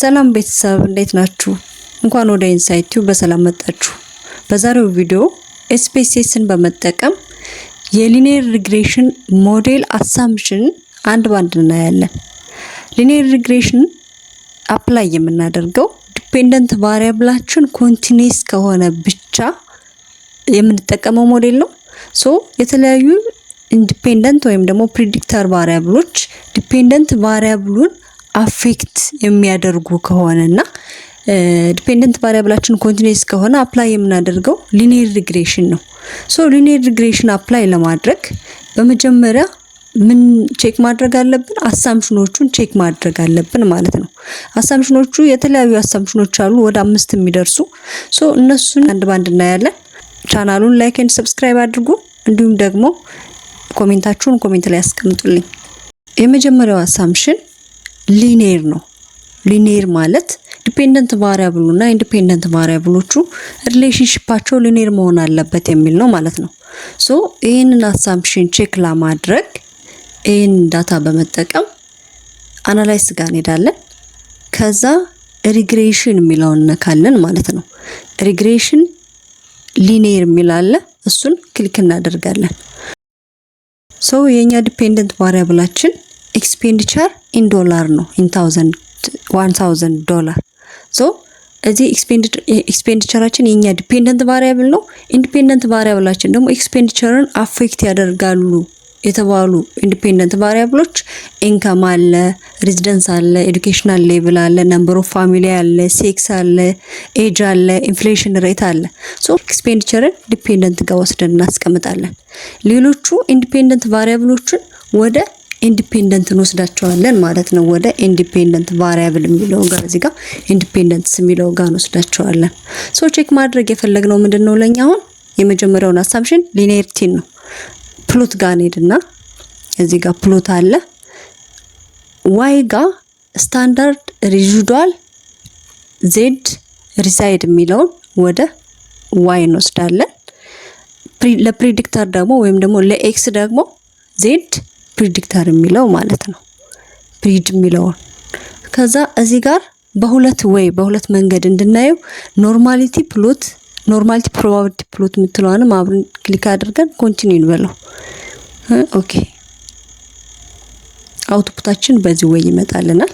ሰላም ቤተሰብ እንዴት ናችሁ? እንኳን ወደ ኢንሳይቲው በሰላም መጣችሁ። በዛሬው ቪዲዮ ኤስፔሲስን በመጠቀም የሊኒየር ሪግሬሽን ሞዴል አሳምሽን አንድ ባንድ እናያለን። ሊኒየር ሪግሬሽን አፕላይ የምናደርገው ዲፔንደንት ቫሪያብላችን ኮንቲኒስ ከሆነ ብቻ የምንጠቀመው ሞዴል ነው። ሶ የተለያዩ ኢንዲፔንደንት ወይም ደግሞ ፕሪዲክተር ቫሪያብሎች ዲፔንደንት ቫሪያብሉን አፌክት የሚያደርጉ ከሆነና ዲፔንደንት ቫሪያብላችን ኮንቲኒስ ከሆነ አፕላይ የምናደርገው ሊኒየር ሪግሬሽን ነው። ሶ ሊኒየር ሪግሬሽን አፕላይ ለማድረግ በመጀመሪያ ምን ቼክ ማድረግ አለብን? አሳምፕሽኖቹን ቼክ ማድረግ አለብን ማለት ነው። አሳምፕሽኖቹ የተለያዩ አሳምፕሽኖች አሉ፣ ወደ አምስት የሚደርሱ ሶ እነሱን አንድ ባንድ እናያለን። ቻናሉን ላይክ ኤንድ ሰብስክራይብ አድርጉ። እንዲሁም ደግሞ ኮሜንታችሁን ኮሜንት ላይ ያስቀምጡልኝ። የመጀመሪያው አሳምፕሽን ሊኔር ነው። ሊኔር ማለት ዲፔንደንት ቫሪያብሉ እና ኢንዲፔንደንት ቫሪያብሎቹ ሪሌሽንሽፓቸው ሊኔር መሆን አለበት የሚል ነው ማለት ነው። ሶ ይህንን አሳምፕሽን ቼክ ለማድረግ ይህን ዳታ በመጠቀም አናላይስ ጋር እንሄዳለን። ከዛ ሪግሬሽን የሚለውን እነካለን ማለት ነው። ሪግሬሽን ሊኔር የሚላለ እሱን ክሊክ እናደርጋለን። ሶ የእኛ ዲፔንደንት ቫሪያብላችን ኤክስፔንዲቸር ኢን ዶላር ነው ኢን ዋን ታውዘንድ ዶላር ሶ እዚህ ኤክስፔንዲቸራችን የኛ ዲፔንደንት ቫሪያብል ነው። ኢንዲፔንደንት ቫሪያብላችን ደግሞ ኤክስፔንዲቸርን አፌክት ያደርጋሉ የተባሉ ኢንዲፔንደንት ቫሪያብሎች ኢንካም አለ፣ ሬዚደንስ አለ፣ ኤዱኬሽናል ሌቭል አለ፣ ነምበር ኦፍ ፋሚሊ አለ፣ ሴክስ አለ፣ ኤጅ አለ፣ ኢንፍሌሽን ሬት አለ። ሶ ኤክስፔንዲቸርን ዲፔንደንት ጋር ወስደን እናስቀምጣለን። ሌሎቹ ኢንዲፔንደንት ቫሪያብሎችን ወደ ኢንዲፔንደንት እንወስዳቸዋለን ማለት ነው። ወደ ኢንዲፔንደንት ቫሪያብል የሚለው ጋር እዚህ ጋር ኢንዲፔንደንትስ የሚለው ጋር እንወስዳቸዋለን። ሶ ቼክ ማድረግ የፈለግነው ምንድን ነው? አሁን የመጀመሪያውን አሳምሽን ሊኔርቲን ነው። ፕሉት ጋር እንሄድና እዚህ ጋር ፕሎት አለ ዋይ ጋር ስታንዳርድ ሪዥዷል ዜድ ሪዛይድ የሚለውን ወደ ዋይ እንወስዳለን። ለፕሪዲክተር ደግሞ ወይም ደግሞ ለኤክስ ደግሞ ዜድ ፕሪዲክተር የሚለው ማለት ነው። ፕሪድ የሚለውን ከዛ እዚህ ጋር በሁለት ወይ በሁለት መንገድ እንድናየው ኖርማሊቲ ፕሎት ኖርማሊቲ ፕሮባብሊቲ ፕሎት የምትለዋንም አብረን ክሊክ አድርገን ኮንቲኒው እንበለው። ኦኬ አውትፑታችን በዚህ ወይ ይመጣልናል።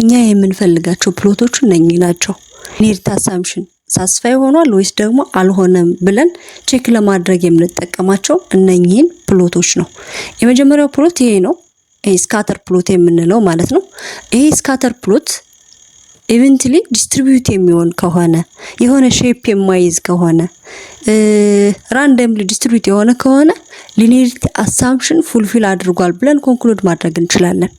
እኛ የምንፈልጋቸው ፕሎቶቹ እነኚህ ናቸው። ኒርት አሳምሽን ሳስፋይ ሆኗል ወይስ ደግሞ አልሆነም ብለን ቼክ ለማድረግ የምንጠቀማቸው እነኚህን ፕሎቶች ነው። የመጀመሪያው ፕሎት ይሄ ነው። ይሄ ስካተር ፕሎት የምንለው ማለት ነው። ይሄ ስካተር ፕሎት ኢቨንትሊ ዲስትሪቢዩት የሚሆን ከሆነ የሆነ ሼፕ የማይዝ ከሆነ ራንደምሊ ዲስትሪቢዩት የሆነ ከሆነ ሊኔሪቲ አሳምፕሽን ፉልፊል አድርጓል ብለን ኮንክሉድ ማድረግ እንችላለን።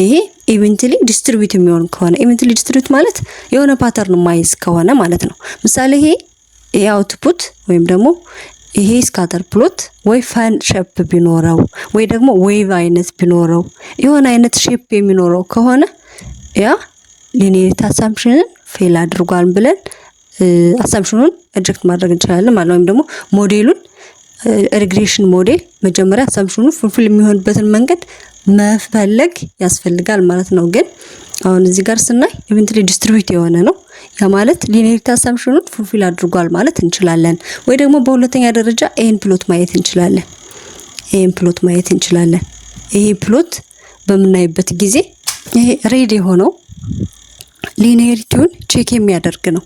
ይሄ ኢቨንትሊ ዲስትሪቢዩት የሚሆን ከሆነ ኢቨንትሊ ዲስትሪቢዩት ማለት የሆነ ፓተርን ማይዝ ከሆነ ማለት ነው። ምሳሌ ይሄ ይሄ አውትፑት ወይም ደግሞ ይሄ ስካተር ፕሎት ወይ ፋን ሼፕ ቢኖረው ወይ ደግሞ ዌቭ አይነት ቢኖረው የሆነ አይነት ሼፕ የሚኖረው ከሆነ ያ ሊኒየሪቲ አሳምፕሽንን ፌል አድርጓል ብለን አሳምፕሽኑን ሪጀክት ማድረግ እንችላለን ማለት ነው። ወይም ደግሞ ሞዴሉን ሪግሬሽን ሞዴል መጀመሪያ አሳምፕሽኑ ፍልፍል የሚሆንበትን መንገድ መፈለግ ያስፈልጋል ማለት ነው። ግን አሁን እዚህ ጋር ስናይ ኢቨንትሊ ዲስትሪቢዩት የሆነ ነው። ያ ማለት ሊኒየሪቲ አሳምፕሽኑን ፉልፊል አድርጓል ማለት እንችላለን። ወይ ደግሞ በሁለተኛ ደረጃ ኤን ፕሎት ማየት እንችላለን። ኤን ፕሎት ማየት እንችላለን። ይሄ ፕሎት በምናይበት ጊዜ ይሄ ሬድ የሆነው ሊኒየሪቲውን ቼክ የሚያደርግ ነው።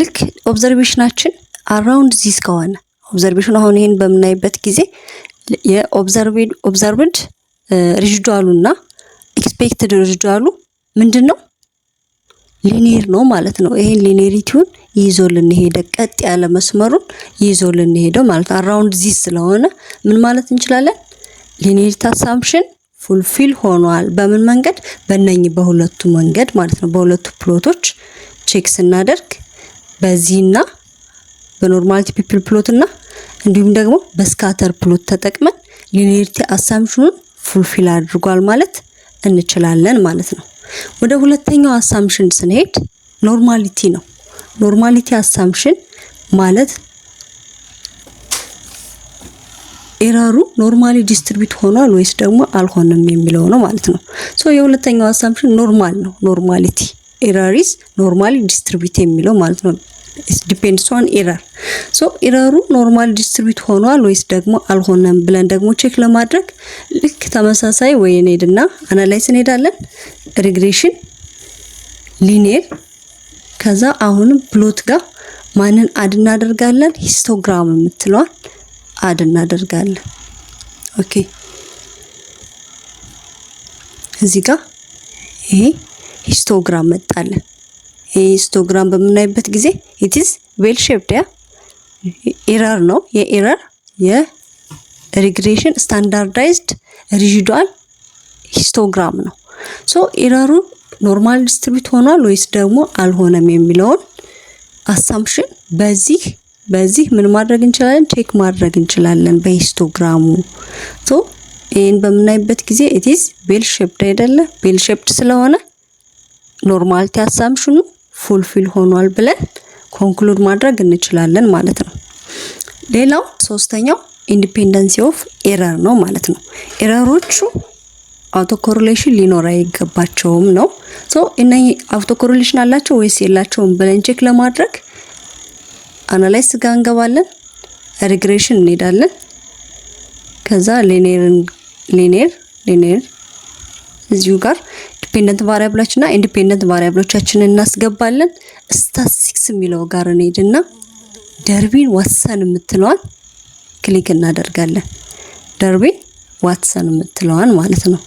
ልክ ኦብዘርቬሽናችን አራውንድ ዚስ ከሆነ ኦብዘርቬሽን አሁን ይሄን በምናይበት ጊዜ የኦብዘርቬድ ሪጅዳሉ እና ኤክስፔክትድ ሪጅዳሉ ምንድን ነው? ሊኒየር ነው ማለት ነው። ይሄን ሊኒየሪቲውን ይዞልን ሄደ፣ ቀጥ ያለ መስመሩን ይዞልን ሄደው ማለት አራውንድ ዚ ስለሆነ ምን ማለት እንችላለን? ሊኒየሪቲ አሳምፕሽን ፉልፊል ሆኗል። በምን መንገድ? በእነኚህ በሁለቱ መንገድ ማለት ነው። በሁለቱ ፕሎቶች ቼክ ስናደርግ በዚህና በኖርማሊቲ ፒፕል ፕሎት እና እንዲሁም ደግሞ በስካተር ፕሎት ተጠቅመን ሊኒየሪቲ አሳምፕሽኑን ፉልፊል አድርጓል ማለት እንችላለን ማለት ነው። ወደ ሁለተኛው አሳምሽን ስንሄድ ኖርማሊቲ ነው። ኖርማሊቲ አሳምሽን ማለት ኤረሩ ኖርማሊ ዲስትሪቢዩት ሆኗል ወይስ ደግሞ አልሆነም የሚለው ነው ማለት ነው። ሶ የሁለተኛው አሳምሽን ኖርማል ነው። ኖርማሊቲ ኤረር ኢዝ ኖርማሊ ዲስትሪቢዩት የሚለው ማለት ነው። ዲፔንድስ ኦን ኢረር ሶ ኢረሩ ኖርማል ዲስትሪቢዩት ሆኗል ወይስ ደግሞ አልሆነም ብለን ደግሞ ቼክ ለማድረግ ልክ ተመሳሳይ ወይ እንሄድና አናላይስ እንሄዳለን፣ ሪግሬሽን፣ ሊኒየር ከዛ አሁንም ፕሎት ጋር ማንን አድ እናደርጋለን? ሂስቶግራም የምትለዋል አድ እናደርጋለን። ኦኬ እዚህ ጋር ይሄ ሂስቶግራም መጣለን። ኢንስቶግራም በምናይበት ጊዜ ኢትስ ዌል ሼፕድ ያ ኤረር ነው። የኤረር የሪግሬሽን ስታንዳርዳይዝድ ሪጂዱዋል ሂስቶግራም ነው። ሶ ኤረሩ ኖርማል ዲስትሪቢዩት ሆኗል ወይስ ደግሞ አልሆነም የሚለውን አሳምፕሽን በዚህ በዚህ ምን ማድረግ እንችላለን? ቼክ ማድረግ እንችላለን በሂስቶግራሙ። ሶ ይህን በምናይበት ጊዜ ኢትስ ቤል ሼፕድ አይደለ? ቤል ሼፕድ ስለሆነ ኖርማልቲ አሳምሽኑ ፉልፊል ሆኗል ብለን ኮንክሉድ ማድረግ እንችላለን ማለት ነው። ሌላው ሶስተኛው ኢንዲፔንደንሲ ኦፍ ኤረር ነው ማለት ነው። ኤረሮቹ አውቶ ኮሪሌሽን ሊኖር አይገባቸውም ነው። ሶ እነኚህ አውቶ ኮሪሌሽን አላቸው ወይስ የላቸውም ብለን ቼክ ለማድረግ አናላይስ ጋር እንገባለን፣ ሪግሬሽን እንሄዳለን። ከዛ ሊኔርን ሊኔር ሊኔር እዚሁ ጋር ኢንዲፔንደንት ቫሪያብሎች እና ኢንዲፔንደንት ቫሪያብሎቻችንን እናስገባለን። ስታት የሚለው ጋር እንሄድና ደርቢን ዋትሰን የምትለዋን ክሊክ እናደርጋለን። ደርቢን ዋትሰን የምትለዋን ማለት ነው።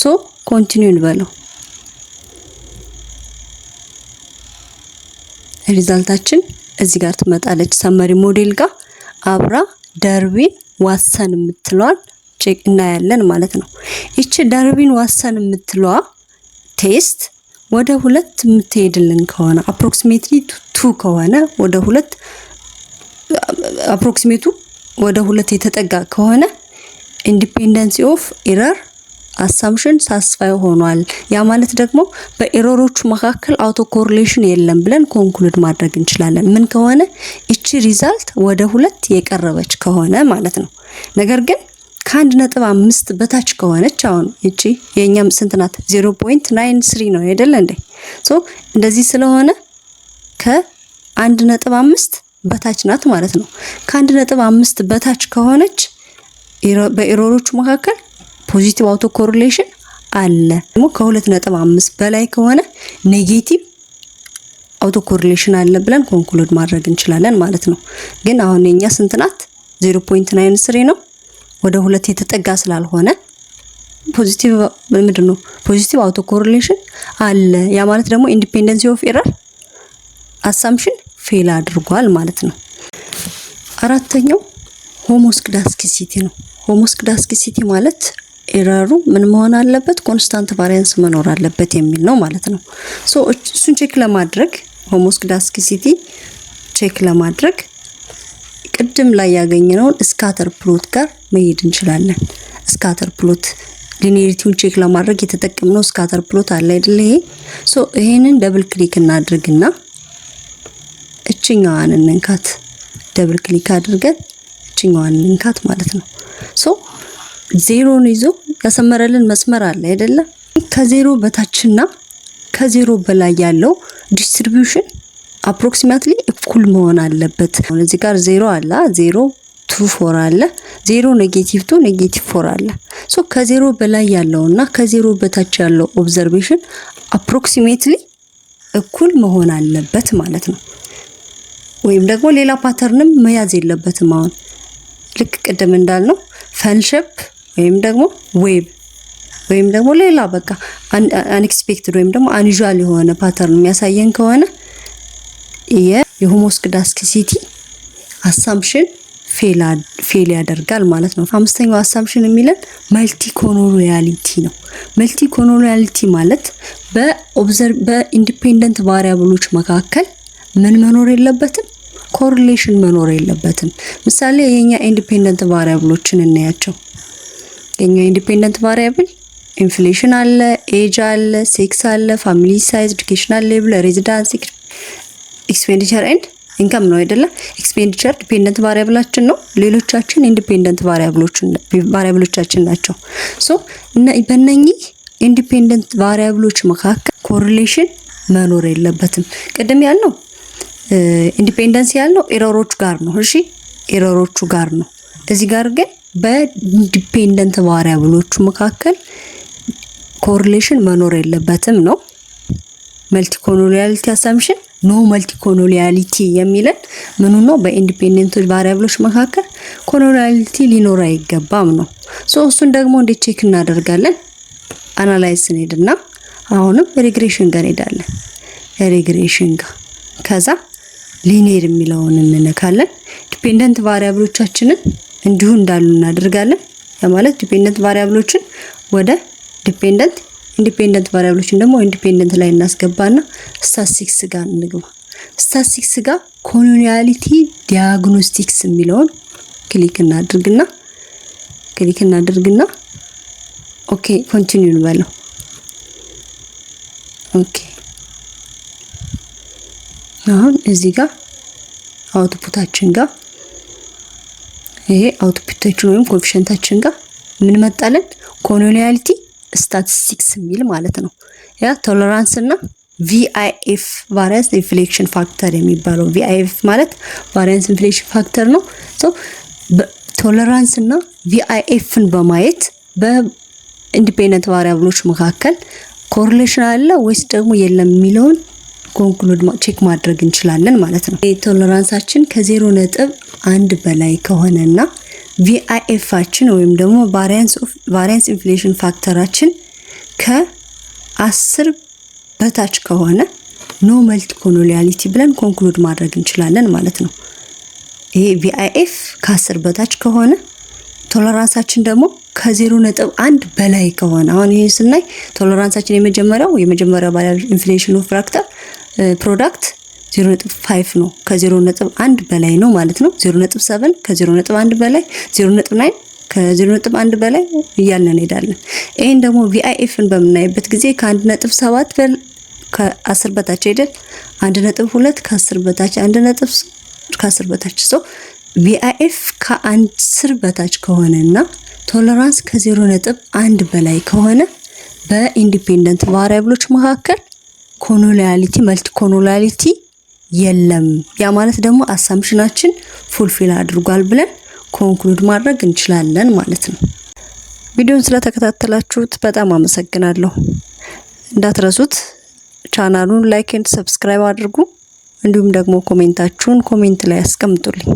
ሶ ኮንቲኒው እንበለው። ሪዛልታችን እዚህ ጋር ትመጣለች። ሰመሪ ሞዴል ጋር አብራ ደርቢን ዋትሰን የምትለዋን ቼክ እናያለን ማለት ነው። ይቺ ደርቢን ዋትሰን የምትለዋ ቴስት ወደ ሁለት የምትሄድልን ከሆነ አፕሮክሲሜትሊ ቱ ከሆነ ወደ ሁለት አፕሮክሲሜቱ ወደ ሁለት የተጠጋ ከሆነ ኢንዲፔንደንሲ ኦፍ ኤረር አሳምሽን ሳስፋይ ሆኗል። ያ ማለት ደግሞ በኤረሮቹ መካከል አውቶ ኮሪሌሽን የለም ብለን ኮንክሉድ ማድረግ እንችላለን። ምን ከሆነ እቺ ሪዛልት ወደ ሁለት የቀረበች ከሆነ ማለት ነው። ነገር ግን ከአንድ ነጥብ አምስት በታች ከሆነች አሁን ይቺ የእኛም ስንት ናት? ዜሮ ፖይንት ናይን ስሪ ነው አይደለ እንዴ? ሶ እንደዚህ ስለሆነ ከአንድ ነጥብ አምስት በታች ናት ማለት ነው። ከአንድ ነጥብ አምስት በታች ከሆነች በኤሮሮቹ መካከል ፖዚቲቭ አውቶ ኮሪሌሽን አለ። ደግሞ ከሁለት ነጥብ አምስት በላይ ከሆነ ኔጌቲቭ አውቶ ኮሪሌሽን አለ ብለን ኮንክሉድ ማድረግ እንችላለን ማለት ነው። ግን አሁን የኛ ስንት ናት? ዜሮ ፖይንት ናይን ስሪ ነው። ወደ ሁለት የተጠጋ ስላልሆነ ፖዚቲቭ ምንድን ነው ፖዚቲቭ አውቶ ኮሬሌሽን አለ። ያ ማለት ደግሞ ኢንዲፔንደንሲ ኦፍ ኤረር አሳምሽን ፌል አድርጓል ማለት ነው። አራተኛው ሆሞስክዳስኪሲቲ ነው። ሆሞስክዳስኪሲቲ ማለት ኤረሩ ምን መሆን አለበት? ኮንስታንት ቫሪያንስ መኖር አለበት የሚል ነው ማለት ነው። እሱን ቼክ ለማድረግ ሆሞስክዳስኪሲቲ ቼክ ለማድረግ ቅድም ላይ ያገኘነውን ስካተር ፕሎት ጋር መሄድ እንችላለን። ስካተር ፕሎት ሊኔሪቲውን ቼክ ለማድረግ የተጠቀምነው ስካተር ፕሎት አለ አይደለ? ይሄ ሶ ይሄንን ደብል ክሊክ እናድርግና እችኛዋን እንንካት። ደብል ክሊክ አድርገን እችኛዋን እንንካት ማለት ነው። ሶ ዜሮን ይዞ ያሰመረልን መስመር አለ አይደለ? ከዜሮ በታችና ከዜሮ በላይ ያለው ዲስትሪቢዩሽን አፕሮክሲማትሊ እኩል መሆን አለበት። እዚህ ጋር ዜሮ አለ ዜሮ ቱ ፎር አለ ዜሮ ኔጌቲቭ ቱ ኔጌቲቭ ፎር አለ። ሶ ከዜሮ በላይ ያለው እና ከዜሮ በታች ያለው ኦብዘርቬሽን አፕሮክሲሜትሊ እኩል መሆን አለበት ማለት ነው። ወይም ደግሞ ሌላ ፓተርንም መያዝ የለበትም። አሁን ልክ ቅድም እንዳልነው ፈንሸፕ ወይም ደግሞ ዌብ ወይም ደግሞ ሌላ በቃ አንኤክስፔክትድ ወይም ደግሞ አንዣል የሆነ ፓተርን የሚያሳየን ከሆነ የሆሞስ ግዳስክሲቲ አሳምሽን ፌል ያደርጋል ማለት ነው። አምስተኛው አሳምሽን የሚለን መልቲ ኮሎኒያሊቲ ነው። መልቲ ኮሎኒያሊቲ ማለት በኢንዲፔንደንት ቫሪያብሎች መካከል ምን መኖር የለበትም ኮሪሌሽን መኖር የለበትም። ምሳሌ የኛ ኢንዲፔንደንት ቫሪያብሎችን እናያቸው። የኛ ኢንዲፔንደንት ቫሪያብል ኢንፍሌሽን አለ፣ ኤጅ አለ፣ ሴክስ አለ፣ ፋሚሊ ሳይዝ፣ ኤዱኬሽናል ሌብል፣ ሬዚዳንስ ኤክስፔንዲቸር ኤንድ ኢንካም ነው አይደለ? ኤክስፔንዲቸር ዲፔንደንት ቫሪያብላችን ነው። ሌሎቻችን ኢንዲፔንደንት ቫሪያብሎቻችን ናቸው። ሶ በእነኚህ ኢንዲፔንደንት ቫሪያብሎች መካከል ኮሪሌሽን መኖር የለበትም። ቅድም ያልነው ኢንዲፔንደንስ ያልነው ኤረሮቹ ጋር ነው። እሺ ኤረሮቹ ጋር ነው። እዚህ ጋር ግን በኢንዲፔንደንት ቫሪያብሎቹ መካከል ኮሪሌሽን መኖር የለበትም ነው። መልቲ አሳምሽን ኖ መልቲ ኮሎኒያሊቲ የሚለን ምኑ ነው? በኢንዲፔንደንቶች ቫሪያብሎች መካከል ኮሎኒያሊቲ ሊኖር አይገባም ነው። እሱን ደግሞ እንዴት ቼክ እናደርጋለን? አናላይዝ እንሄድና አሁንም ሬግሬሽን ጋር እንሄዳለን። ሬግሬሽን ጋር ከዛ ሊኒየር የሚለውን እንነካለን። ዲፔንደንት ቫሪያብሎቻችንን እንዲሁ እንዳሉ እናደርጋለን። ማለት ዲፔንደንት ቫሪያብሎችን ወደ ዲፔንደንት ኢንዲፔንደንት ቫሪያብሎችን ደግሞ ኢንዲፔንደንት ላይ እናስገባና ስታሲክስ ጋር እንግባ። ስታሲክስ ጋር ኮሎኒያሊቲ ዲያግኖስቲክስ የሚለውን ክሊክ እናድርግና ክሊክ እናድርግና ኦኬ ኮንቲኒው እንበለው። ኦኬ አሁን እዚህ ጋር አውትፑታችን ጋር ይሄ አውትፑታችን ወይም ኮኤፊሽንታችን ጋር ምን መጣለን? ኮሎኒያሊቲ ስታቲስቲክስ የሚል ማለት ነው። ያ ቶለራንስ እና ቪአይኤፍ ቫሪያንስ ኢንፍሌክሽን ፋክተር የሚባለው ቪአይኤፍ ማለት ቫሪያንስ ኢንፍሌክሽን ፋክተር ነው። ቶለራንስ እና ቪአይኤፍን በማየት በኢንዲፔንደንት ቫሪያብሎች መካከል ኮሪሌሽን አለ ወይስ ደግሞ የለም የሚለውን ኮንክሉድ ቼክ ማድረግ እንችላለን ማለት ነው። ቶለራንሳችን ከዜሮ ነጥብ አንድ በላይ ከሆነና ቪአይኤፋችን ወይም ደግሞ ቫሪያንስ ኢንፍሌሽን ፋክተራችን ከአስር በታች ከሆነ ኖ መልቲ ኮሎኒያሊቲ ብለን ኮንክሉድ ማድረግ እንችላለን ማለት ነው። ይሄ ቪአይኤፍ ከአስር በታች ከሆነ ቶለራንሳችን ደግሞ ከዜሮ ነጥብ አንድ በላይ ከሆነ አሁን ይህን ስናይ ቶለራንሳችን የመጀመሪያው የመጀመሪያው ቫሪያንስ ኢንፍሌሽኑ ፕሮዳክት 0.5 ነው ከ0.1 በላይ ነው ማለት ነው። 0.7 ከ0.1 በላይ 0.9 ከ0.1 በላይ እያልን እንሄዳለን። ይህን ደግሞ ቪአይኤፍን በምናይበት ጊዜ ከ1.7 በል ከ10 በታች ሄደን 1.2 ከ10 በታች 1 ከ10 በታች ሰው ቪአይኤፍ ከ10 በታች ከሆነ እና ቶለራንስ ከ0.1 በላይ ከሆነ በኢንዲፔንደንት ቫሪያብሎች መካከል ኮኖላሊቲ መልቲ ኮኖላሊቲ የለም። ያ ማለት ደግሞ አሳምሽናችን ፉልፊል አድርጓል ብለን ኮንክሉድ ማድረግ እንችላለን ማለት ነው። ቪዲዮን ስለተከታተላችሁት በጣም አመሰግናለሁ። እንዳትረሱት ቻናሉን ላይክ ኤንድ ሰብስክራይብ አድርጉ። እንዲሁም ደግሞ ኮሜንታችሁን ኮሜንት ላይ አስቀምጡልኝ።